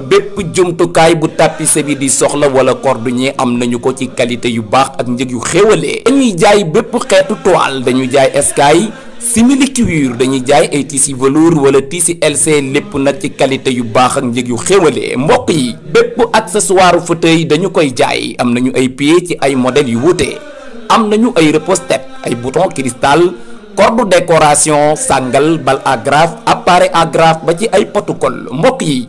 bépp jumtukaay bu tapisse bi di soxla wala ñi am nañu ko ci qualité yu baax ak njëg yu xéwalee dañuy jaay bépp xeetu toile dañu jaay eskay simili cuir dañuy jaay ay tissu velours wala tissu LC lépp nag ci qualité yu baax ak njëg yu xéwale mbokk yi bépp accessoire fauteuil dañu koy jaay am nañu ay pie ci ay modèles yu wuute am nañu ay repose ay bouton cristal corde décoration sangal bal agrafe appareil agrafe ba ci ay protocole mbokk yi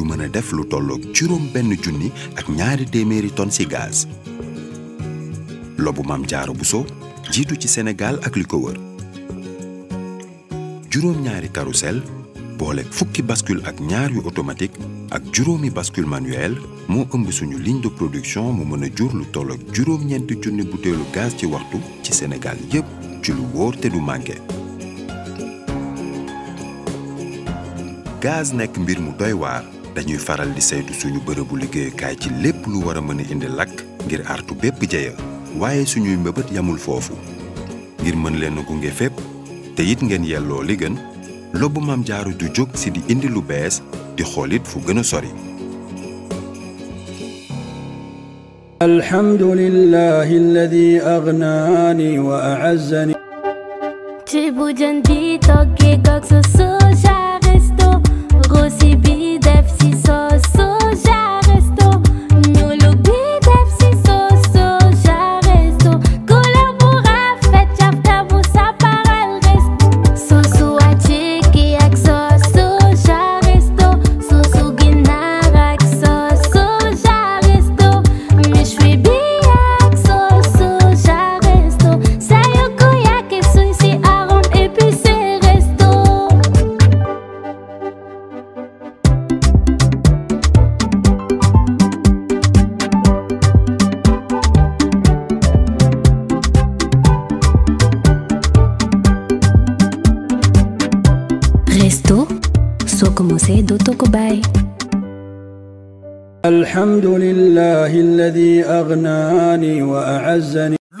yu mën a def lu tolloog juróom junni ak ñaari téeméeri tonnes ci gaz. lobu maam jaaro buso jiitu ci senegal ak li ko wër juróom ñaari carrousel boole fukki baskul ak ñaar yu automatique ak juróomi baskul manuel moo ëmb suñu ligne de production mu mën a jur lu toll ak juróom-ñeenti junni butéelu gaz ci waxtu ci Sénégal yépp ci lu wóor te du manqué. gaz nekk mbir mu doy waar. dañuy faral di saytu suñu bërëbu liggéeyukaay ci lépp lu war a mën indi lakk ngir artu bépp jeya waaye suñuy mbëbët yamul foofu ngir mën leen a gunge fépp te it ngeen yelloo li gën lobbu maam jaaru ju jóg si di indi lu bees di xoolit fu gën a sori alhamdulillahi alladi agnaani wa a'azzani Totokobay. الحمد لله الذي أغناني وأعزني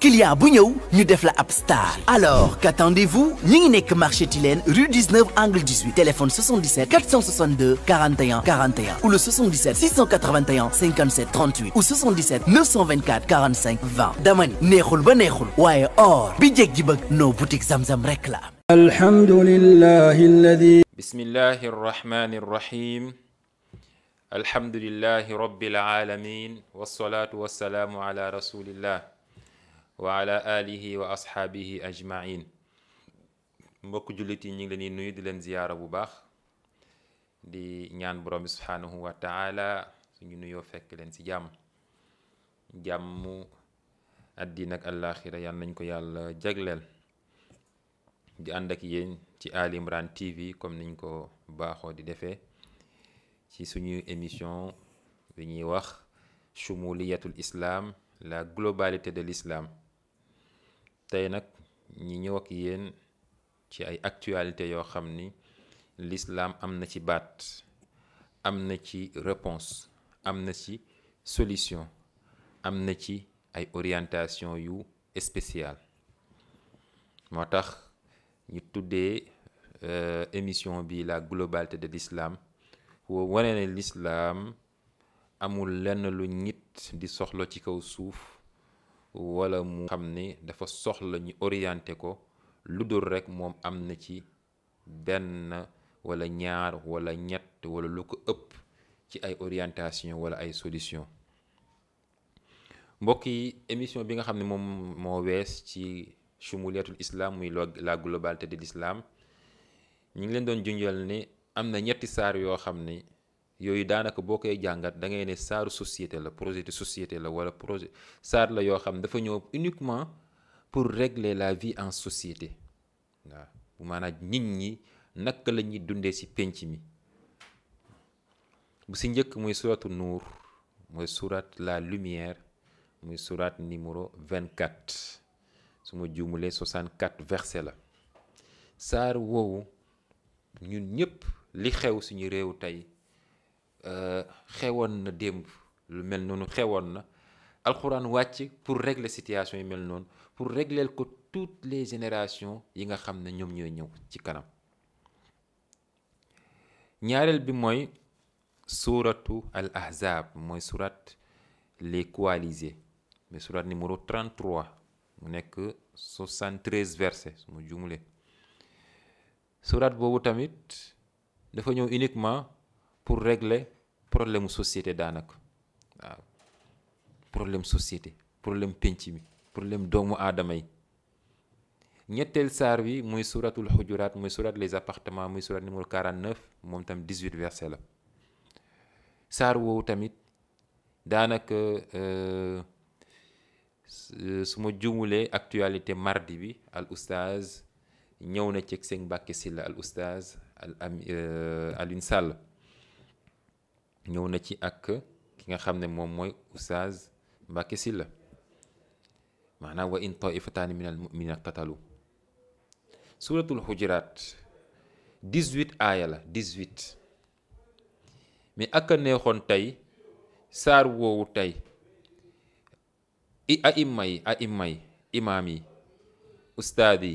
client bu ñëw ñu def la ab star alors qu'attendez-vous ñi ngi nekk marché Tilène rue 19 angle 18 téléphone 77 462 41 41 ou le 77 681 57 38 ou 77 924 45 20 dama ni neexul ba neexul waaye or bi jeg ji bëgg noo boutique Zamzam rek la alhamdulillahi alladi bismillahi arrahmani arrahim alhamdulillahi rabbil alamin wassalatu wassalamu ala wa ala alihi wa asxaabihi ajmain mbokk jullit yi ñu ngi leen di nuyu di leen ziyaara bu baax di ñaan borom bi subhaanahu wa suñu nuyoo fekk leen ci jàmm jàmm àddina ak àllaaxira nañ ko yàlla jagleel di ànd ak yéen ci Ali Imran TV comme niñ ko baaxoo di defee ci suñu émission bi ñuy wax chumuliyatul islam la globalité de l'islam tey nag ñi ñëw ak yéen ci ay actualité yoo xam ni lislaam am na ci baat am na ci reponse am na ci solution am na ci ay orientation yu spéciale moo tax ñu tuddee euh, émission bi la globalité de lislaam woo wane ne l'islam amul lenn lu nit di soxla ci kaw suuf wala mu xam ni dafa soxla ñu orienté ko lu dul rek moom am na ci benn wala ñaar walla ñett wala lu ko ëpp ci ay orientation wala ay solution mbokk yi émission bi nga xam ni moom moo wees ci chumuliyatul islam muy la globalité de lislaam ñu ngi leen doon junjal ni am na ñetti saar yoo xam ni yooyu daanaka boo koy jàngat da ngay ne saaru société la projet de société la wala projet saar la yoo xam dafa ñëw uniquement pour régler la vie en société waaw bu maanaam nit ñi naka la ñuy dundee ci pénc mi bu ci njëkk muy suratu nuur mooy surat la lumière muy surat numéro 24 suma ma juumulee 64 verset la saar woowu ñun ñëpp li xew suñu réew tey Euh, xewoon na démb lu mel noonu xewoon na alxuraan wàcc pour régler situation yi mel noonu pour régler ko toutes les générations yi nga xam ne ñoom ñooy ñëw ci kanam ñaareel bi mooy suuratu al ahzab mooy surat les coalisés mais surat numéro 33 mu nekk 73 versets su ma jumlee surat boobu tamit dafa ñëw uniquement pour régler problème société daanaka waaw problème société problème pénc mi problème doomu aadama yi ñetteel saar bi muy suratul xujuraat muy surat les appartements muy surat numéro 49 moom tam 18 verset la saar woowu tamit daanaka euh, su ma jumulee actualité mardi bi al oustaz ñëw na ceeg seen Mbàkke Sylla al oustaz al am euh, Sall ñëw na ci ak ki nga xam ne moom mooy Oustaz Mbacké Sylla maanaam wa in taifataani minal muminina tatalu suuratul xujuraat 18 aaya la 18 mais ak neexoon tey saar woowu tey i a yi a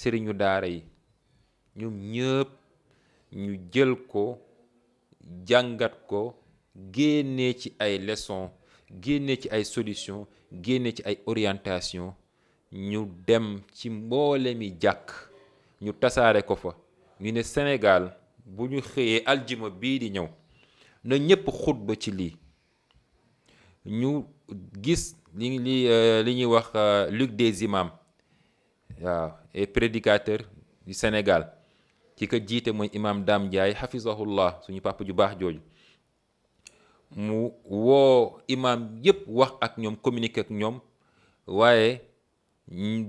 sëriñu daara yi ñoom ñëpp ñu jël ko jàngat ko génnee ci ay leçons génnee ci ay solutions génnee ci ay orientations ñu dem ci mboole mi jàkk ñu tasaare ko fa ñu ne Sénégal bu ñu xëyee aljuma bii di ñëw na ñépp xutba ci lii ñu gis li li euh, li ñuy wax euh, Ligue des imams waaw e prédicateur du Sénégal ki ko jiite mooy imaam Dame Ndiaye hafizahullah suñu pàpp ju baax jooju mu woo imaam yépp wax ak ñoom communiquer ak ñoom waaye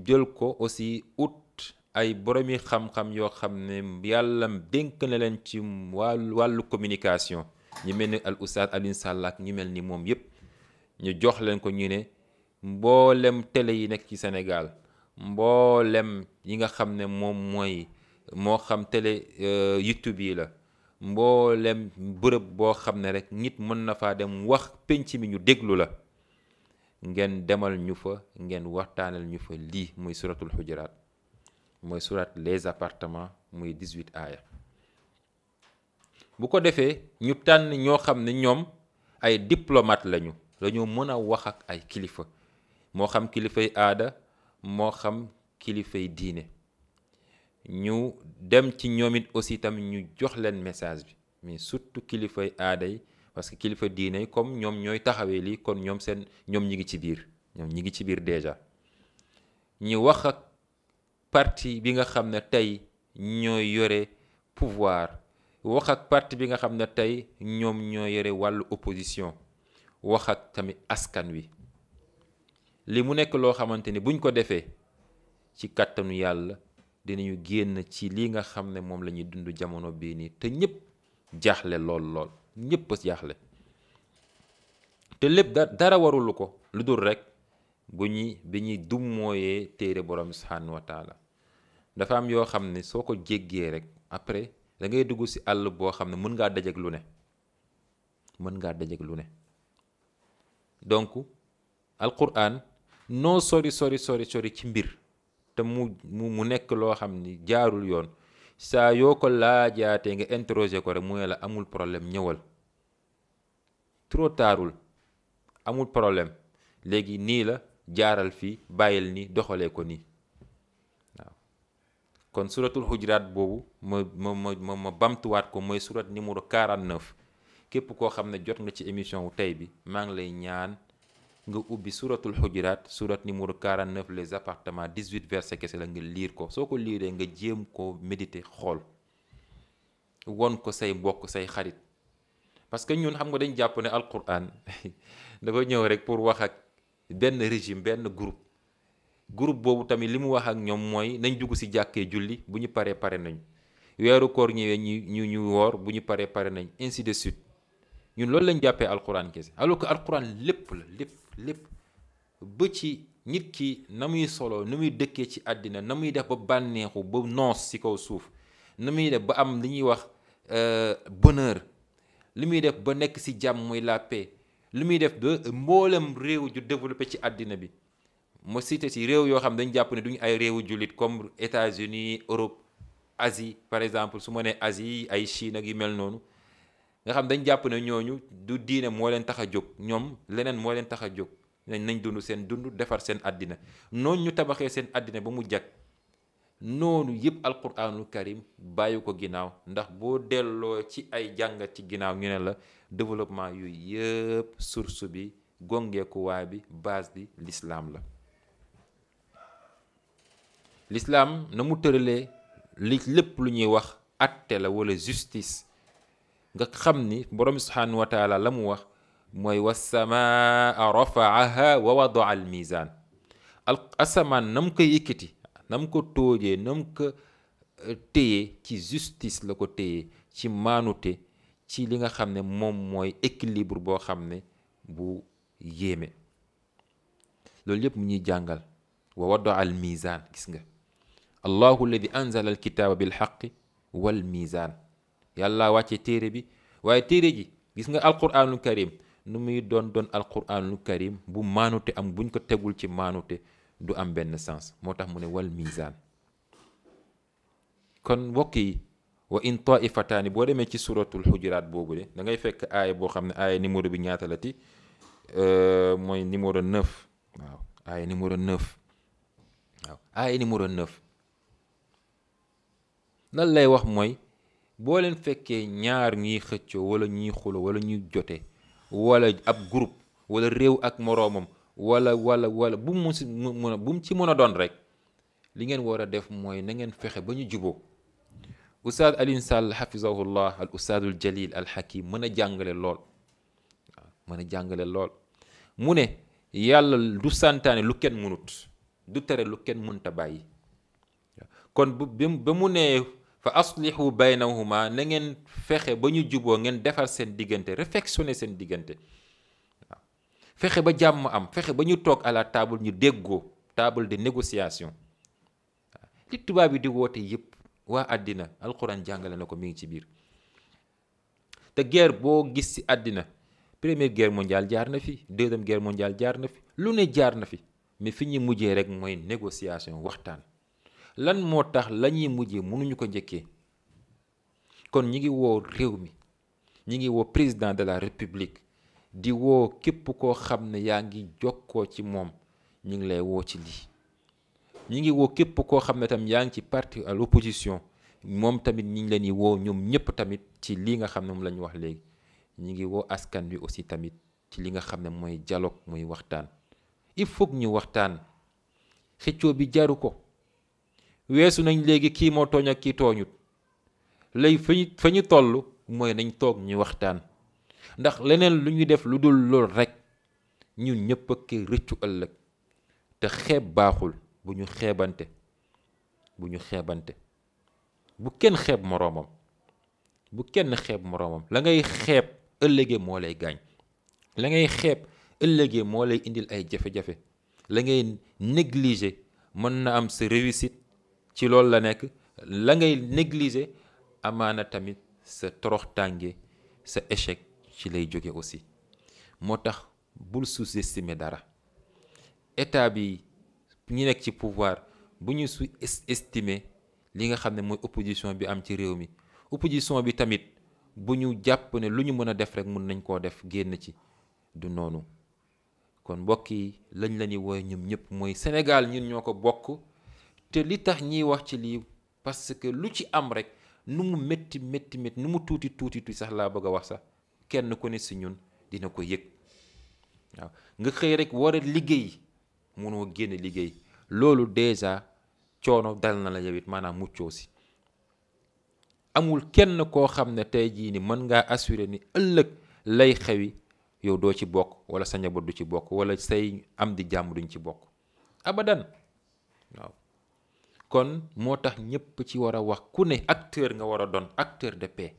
jël ko aussi ut ay boromi xam-xam yoo xam ne yàlla dénk na leen ci wàllu wàllu communication ñu mel ni al oustaz Alioune Sall ak ñu mel ni moom yépp ñu jox leen ko ñu ne mboolem tele yi nekk ci Sénégal mboolem yi nga xam ne moom mooy moo xam télé euh, YouTube yi la mboolem bërëb boo xam ne rek nit mën na faa dem wax penc mi ñu déglu la ngeen demal ñu fa ngeen waxtaanal ñu fa lii muy suratul xujuraat mooy surat les appartements muy 18 aaya bu ko defee ñu tànn ñoo xam ne ñoom ay diplomate lañu dañoo mën a wax ak ay kilifa moo xam kilifay aada moo xam kilifay diine ñu dem ci ñoom it aussi tamit ñu jox leen message bi mais surtout kilifay aada yi parce que kilifa diine yi comme ñoom ñooy taxawee lii kon ñoom seen ñoom ñi ngi ci biir ñoom ñi ngi ci biir déjà ñu wax ak parti bi nga xam ne tey ñooy yore pouvoir wax ak parti bi nga xam ne tey ñoom ñoo yore wàllu opposition wax ak tamit askan wi li mu nekk loo xamante ni buñ ko defee ci kàttanu yàlla dinañu génn ci li nga xam ne moom la ñuy dund jamono bii nii te ñëpp jaaxle lool lool ñëpp a jaaxle te lépp dara warulu ko lu dul rek bu ñuy bi ñuy dummooyee téere borom subhanahu wa taala dafa am yoo xam ne soo ko jéggee rek après da ngay dugg si àll boo xam ne mën ngaa dajeek lu ne mën ngaa dajeek lu ne donc alquran noo sori sori sori sori ci mbir te mu mu mu nekk loo xam ni jaarul yoon saa yoo ko laajaatee nga interroger ko rek mu ne la amul problème ñëwal trop amul problème léegi nii la jaaral fii bàyyil nii doxalee ko nii waaw kon suratul xujraat boobu ma ma ma ma bamtuwaat ko mooy surat numéro 49 képp koo xam ne jot nga ci émission wu tey bi maa ngi lay ñaan nga ubbi suratul xujuraat surat numéro 49 les appartements 18 verset kese la nga liir ko soo ko liiree nga jéem ko méditer xool won ko say mbokk say xarit parce que ñun xam nga dañ jàpp ne alquran dafa ñëw rek pour wax ak benn régime benn groupe groupe boobu tamit li mu wax ak ñoom mooy nañ dugg ci jàkkee julli bu ñu paree pare nañ weeru koor ñëwee ñu ñu woor bu ñu paree pare nañ ainsi de suite ñun loolu lañ jàppee alquran kese alors que lépp la lépp lépp ba ci nit ki na muy solo na muy dëkkee ci àddina na muy def ba bànneexu ba noos ci kaw suuf na muy def ba am li ñuy wax euh, bonheur li muy def ba nekk ci jàmm muy la paix li muy def ba mboolem réew ju développé ci àddina bi ma cité si réew yoo xam dañ jàpp ne duñu ay réewu jullit comme États-Unis Europe Asie par exemple su ma nee Asie ay Chine ak yu mel noonu nga xam dañ jàpp ne ñooñu du diine moo leen tax a jóg ñoom leneen moo leen tax a jóg nañ dund seen dund defar seen àddina noonu ñu tabaxee seen àddina ba mu jag noonu yëpp alquraanul karim bàyyi ko ginnaaw ndax boo delloo ci ay jàngat ci ginnaaw ñu ne la développement yu yëpp source bi gongeekuwaay bi baas bi lislaam la lislaam na mu tëralee li lépp lu ñuy wax atte la wala justice nga xam ni borom subhaanahu wa la mu wax mooy wasamaa rafaaha wa wadaa al mizaan al asamaan na mu koy yëkkati ko toojee na mu ko euh, téye ci justice la ko téye ci maanute ci li nga xam ne moom mooy équilibre boo xam ne bu yéeme loolu yépp mu ñuy jàngal wa wadaa al mizaan gis nga allahu alladi anzala al kitaaba bil xaqi wal mizaan yàlla wàcce téere bi waaye téere ji gis nga alquranul karim nu muy doon doon alquranul karim bu maanute am buñ ko tegul ci maanute du am benn sens moo tax mu ne wal misaan kon mbokk yi wa in taifataani boo demee ci suratul xujuraat boobu de da ngay fekk aaya boo xam ne aaya numéro bi ñaata la ti euh, mooy numéro 9 waaw aaya numéro 9 waaw lan lay wax mooy boo leen fekkee ñaar ñuy xëccoo wala ñuy xulo wala ñuy jote walla ab groupe wala réew ak moroomam wala walla wala bu mu si mën mu ci mën a doon rek li ngeen war a def mooy na ngeen fexe ba ñu juboo Oustaz Alioune Sall hafizahullah al Oustazul Jalil al Hakim mën a jàngale lool mën a jàngale lool mu ne yàlla du santaane lu kenn mënut du tere lu kenn mënta bàyyi kon bu ba mu nee fa aslihu baynahuma na ngeen fexe ba ñu juboo ngeen defar seen diggante réflexionner seen diggante fexe ba jàmm am fexe ba ñu toog à taabal ñu déggoo taabal de négociation li tubaab yi di woote yépp waa àddina alxuraan jàngale na ko mi ngi ci biir te guerre boo gis ci àddina première guerre mondiale jaar na fi deuxième guerre mondiale jaar na fi lu ne jaar na fi mais fi ñu mujjee rek mooy négociation waxtaan lan moo tax la ñuy mujjee mënuñu ko njëkkee kon ñu ngi woo réew mi ñu ngi woo président de la république di woo képp koo xam ne yaa ngi jokkoo ci moom ñu ngi lay woo ci lii ñu ngi woo képp koo xam ne tam yaa ngi ci parti à l'opposition moom tamit ñu ngi leen di woo ñoom ñëpp tamit ci lii nga xam ne moom la ñu wax léegi ñi ngi woo askan wi aussi tamit ci li nga xam ne mooy dialogue muy waxtaan il faut ñu waxtaan xëccoo bi jaru ko weesu nañ léegi kii moo tooñ ak kii tooñut léegi fa ñu fa ñu toll mooy nañ toog ñu waxtaan ndax leneen lu ñuy def lu dul lool rek ñun ñëpp a ki rëccu ëllëg te xeeb baaxul bu ñu xeebante bu ñu xeebante bu kenn xeeb moroomam bu kenn xeeb moroomam la ngay xeeb ëllëgee moo lay gaañ la ngay xeeb ëllëgee moo lay indil ay jafe-jafe la ngay négliger mën na am sa réussite ci loolu la nekk la ngay négliger amaana tamit sa torox tànge sa échec ci lay jóge aussi moo tax bul sous-estimer dara état bi ñu nekk ci pouvoir bu ñu sous-estimer li nga xam ne mooy opposition bi am ci réew mi opposition bi tamit bu ñu jàpp ne lu ñu mën a def rek mun nañ koo def génn ci du noonu kon mbokk yi lañ la ñuy woowee ñoom mooy Sénégal ñun ñoo ko bokk. te li tax ñiy wax ci lii parce que lu ci am rek nu mu métti métti métti nu mu tuuti tuuti tuuti sax laa bëgg a wax sax kenn ku ne si ñun dina ko yëg waaw nga xëy rek war a liggéey mënoo génn liggéey loolu déjà coono dal na la yow maanaam muccoo si amul kenn koo xam ne tey jii ni mën ngaa assurer ni ëllëg lay xewi yow doo ci bokk wala sa njaboot du ci bokk wala say am di jàmm duñ ci bokk abadan waaw kon moo tax ñëpp ci war a wax ku ne acteur nga war a doon acteur de paix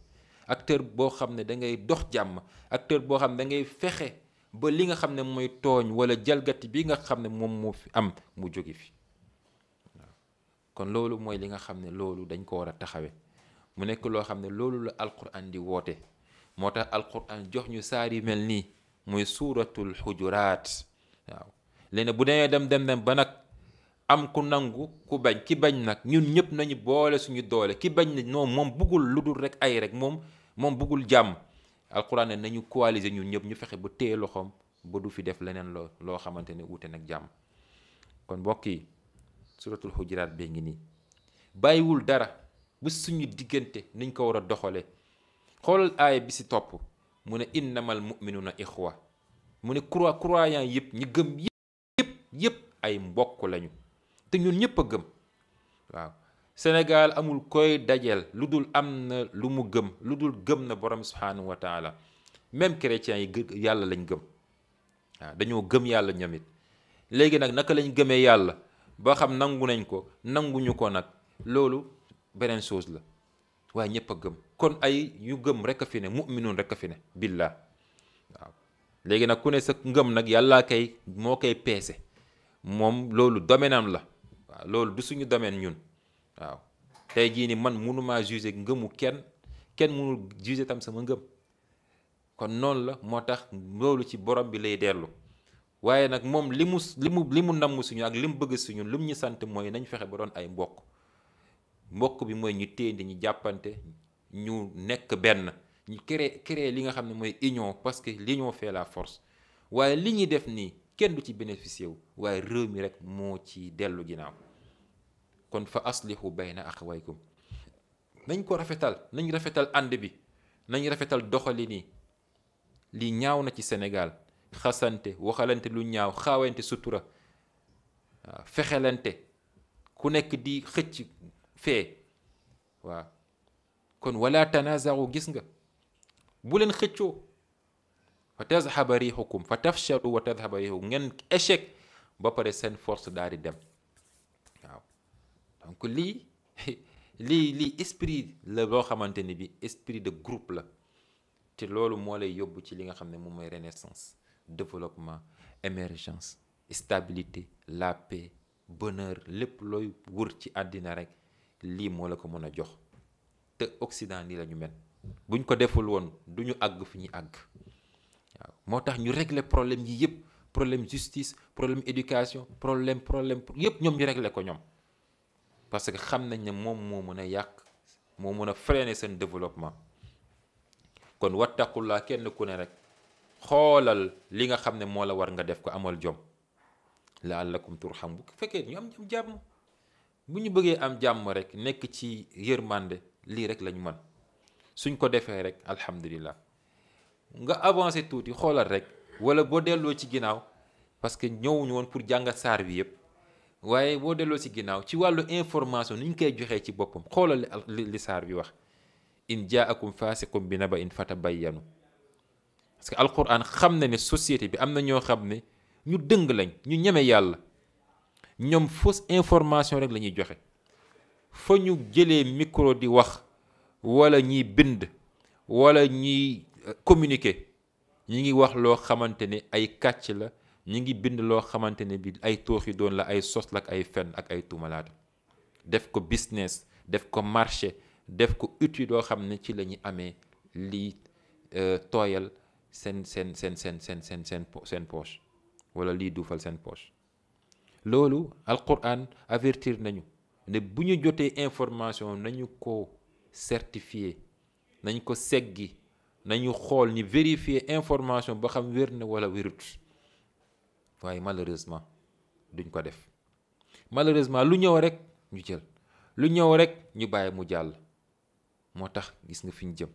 acteur boo xam ne dangay dox jàmm acteur boo xam ne da ngay fexe ba li nga xam ne mooy tooñ wala jalgati bi nga xam ne moom moo fi am mu jóge fi kon loolu mooy li nga xam ne loolu dañ ko war a taxawe mu nekk loo xam ne loolu la alquran di woote moo tax alquran jox ñu saar mel nii muy suuratul xujuraat waaw léegi bu demee dem dem ba nag am ku nangu ku bañ ki bañ nag ñun ñëpp nañu boole suñu doole ki bañ nañ non moom buggul lu dul rek ay rek moom moom bëggul jàmm alxuraan ne nañu coaliser ñun ñëpp ñu fexe ba téye loxoom ba du fi def leneen loo loo xamante ne wuute nag jàmm kon mbokk yi suratul xujuraat bee ngi nii bàyyiwul dara bu suñu diggante niñ ko war a doxale xool aaya bi si topp mu ne innamal na ixwa mu ne croy croyant yëpp ñu gëm yëpp yëpp ay mbokk lañu te ñun ñëpp a gëm waaw Sénégal amul koy dajeel lu dul am na lu mu gëm lu dul gëm na borom subhanahu wa taala même chrétiens yi yàlla lañ gëm waaw dañoo gëm yàlla ñoom léegi nag naka lañ gëmee yàlla ba xam nangu nañ ko nanguñu ko nag loolu beneen chose la waaye ñëpp a gëm kon ay yu gëm rek a fi ne mu'minun rek a fi ne billah léegi nag ku ne sa ngëm nag yàlla kay moo koy peese moom loolu domaine am la waaw loolu du suñu domaine ñun waaw tey jii ni man mënumaa juger ngëmu kenn kenn mënul juger tam sama ngëm kon noonu la moo tax loolu ci borom bi lay dellu waaye nag moom li mu li mu li mu namm suñu ak li mu bëgg suñu lu mu ñu sant mooy nañ fexe ba doon ay mbokk mbokk bi mooy ñu téye ñu jàppante ñu nekk benn ñu créer créer li nga xam ne mooy union parce que l'union fait la force waaye li ñuy def nii kenn du ci bénéficier wu waaye réew mi rek moo ci dellu ginnaaw kon fa aslihu bayna axawaykum nañ ko rafetal nañ rafetal ànd bi nañ rafetal doxali nii lii ñaaw na ci Sénégal xasante waxalante lu ñaaw xawante sutura waaw fexelante ku nekk di xëcc fee waaw kon wala tanazaru gis nga bu leen xëccoo fa tazhaba riixukum fa tafshalu wa tazhaba ngeen échec ba pare seen force daal di dem donc lii lii lii esprit la boo xamante ni bi esprit de groupe la te loolu moo lay yóbbu ci li nga xam ne moom mooy renaissance développement émergence stabilité la paix bonheur lépp looy wër ci àddina rek lii moo la ko mën a jox te oxident nii la ñu mel buñ ko deful woon du ñu àgg fi ñuy àgg waaw moo tax ñu régle problème yi yëpp problème justice problème éducation problème problème yëpp ñoom ñu régler ko ñoom parce que xam nañ ne moom moo mën a yàq moo mën a freiner seen développement kon laa kenn ku ne rek xoolal li nga xam ne moo la war nga def ko amal jom la'allakum turham bu fekkee ñu jàmm bu ñu bëggee am jàmm rek nekk ci yërmande lii rek lañu mën suñ ko defee rek alhamdulillah nga avancé tuuti xoolal rek wala boo delloo ci ginnaaw parce que ñëwuñu woon pour jàngat saar bi yëpp waaye boo delloo si ginnaaw ci wàllu information ni ñu koy joxee ci boppam xoolal li saar bi wax in jaakum faasiqum bi naba in yenu parce que alquran xam na ne société bi am na ñoo xam ne ñu dëng lañ ñu ñeme yàlla ñoom fos information rek la ñuy joxe fa ñu jëlee micro di wax wala ñiy bind wala ñiy euh, communiquer ñu ngi wax loo xamante ne ay kàcc la ñi ngi bind loo xamante ne bi ay toox yi doon la ay sos la ak ay fenn ak ay tuumalaat def ko business def ko marché def ko outil doo xam ne ci la ñu amee lii euh, tooyal seen seen seen seen seen seen seen seen poche wala lii duufal seen poche loolu alquran avertir nañu ne bu ñu jotee information nañu ko certifié nañ ko seggi nañu xool ni vérifier information ba xam wér na wala wérut waaye malheureusement duñ ko def malheureusement lu ñëw rek ñu jël lu ñëw rek ñu bàyyi mu jàll moo tax gis nga fi ñu jëm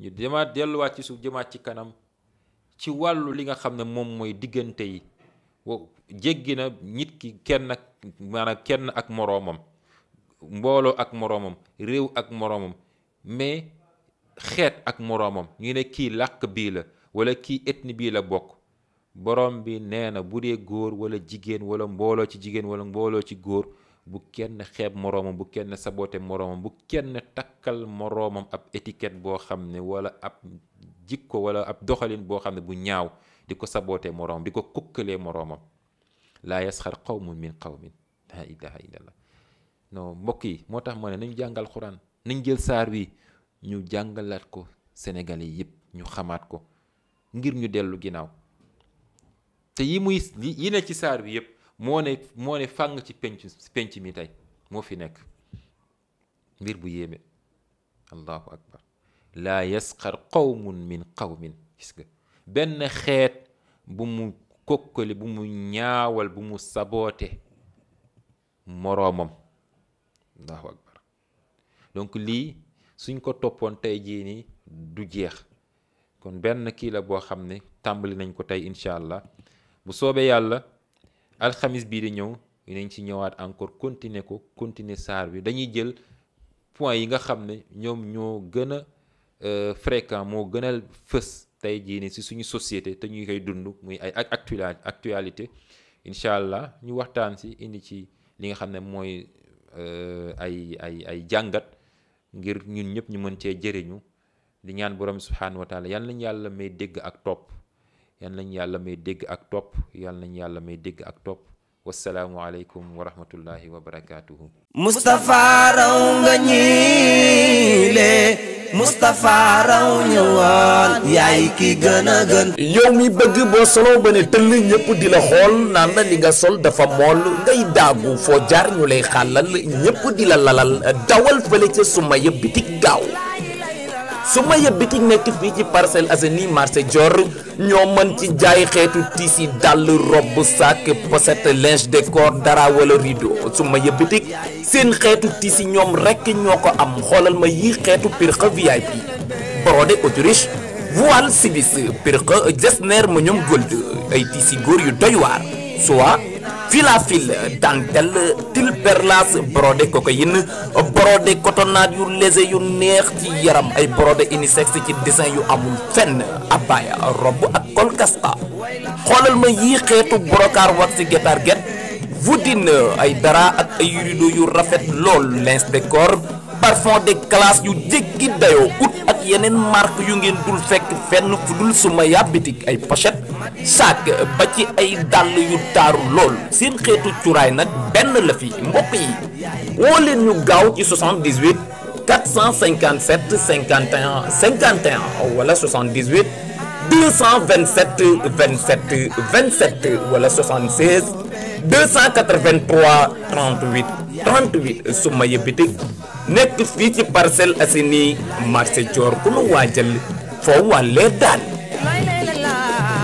ñu demaat delluwaat ci suuf jëmaat ci kanam ci wàllu li nga xam ne moom mooy diggante yi wo jéggi na nit ki kenn ak maanaam kenn ak moroomam mbooloo ak moroomam réew ak moroomam mais xeet ak moroomam ñu ne kii làkk bii la wala kii ethnie bii la bokk borom bi nee na bu dee góor wala jigéen wala mbooloo ci jigéen wala mbooloo ci góor bu kenn xeeb moroomam bu kenn sabote moroomam bu kenn takkal moroomam ab étiquette boo xam ne wala ab ko wala ab doxalin boo xam ne bu ñaaw di ko sabote moroomam di ko kukkalee moroomam laa yasxar qawmun min qawmin laa ilaha illallah mbokk yi moo tax ma ne nañu jàngal xuraan nañ jël saar wi ñu jàngalaat ko sénégalais yëpp ñu xamaat ko ngir ñu dellu ginnaaw te yi muy yi ne ci saar bi yëpp moo ne moo ne fàng ci penc penc mi tey moo fi nekk mbir bu yéeme allahu akbar laa yasxar qawmun min qawmin gis nga benn xeet bu mu kokkali bu mu ñaawal bu mu saboote moroomam allahu akbar donc lii suñ ko toppoon tey jii nii du jeex kon benn kii la boo xam ne tàmbali nañ ko tey incha allah bu soobee yàlla alxamis bii di ñëw nañ ci ñëwaat encore continuer ko continuer saar bi dañuy jël point yi nga xam ne ñoom ñoo gën a euh, fréquent moo gën a fës tey jii ni si suñu société te ñuy koy dund muy ay ak actualité incha allah ñu waxtaan si indi ci li nga xam ne mooy euh, ay ay ay jàngat ngir ñun ñëpp ñu mën cee jëriñu di ñaan borom subhanahu wa taala yal nañu yàlla may dégg ak topp yal nañ yàlla may dégg ak topp yal nañ yàlla may dégg ak topp wasalaamu aleykum wa rahmatullahi wa barakaatuhu Moustapha raw nga ñiile Moustapha raw ñëwaal yaay ki gën gën yow mi bëgg boo solo ba ne tëll ñëpp di la xool naan la li nga sol dafa mool ngay daagu foo jaar ñu lay xàllal ñëpp di la lalal dawal fële ca suma yëpp gaaw su ma yëb bitig nekk fii ci parcelle Assainies marché Dior ñoo mën ci jaay xeetu tissu dàll robe sac pochette linge de corps dara wala rideau su ma yëb bitig seen xeetu tissu ñoom rekk ñoo ko am xoolal ma yi xeetu pirxa VIP brodé autriche voile sivis pirxa neer ma ñoom gold ay tissu góor yu doy waar soit filafil dentelle til perlas brodé cocaïne brodé cotonnade yu léger yu neex ci yaram ay brodé unisex ci dessin yu amul fenn abaya rob ak kolkasta xoolal ma yii xeetu brocart wax ci guétar guét voudine ay dara ak ay rideau yu rafet lool linge de corps parfum de classe yu jéggi dayoo ut yeneen marque yu ngeen dul fekk fenn fu dul suma yàbbitik ay pochette sac ba ci ay dàll yu taaru lool seen xeetu cuuraay nag benn la fi mbokk yi woo leen ñu gaaw ci 78 457 51 51 wala 78 227 27 27 wala 76 283 38 38 su ma yëbbitik nekk fii ci Parcelles Assainies marché Dior ku lu waajal foo wàllee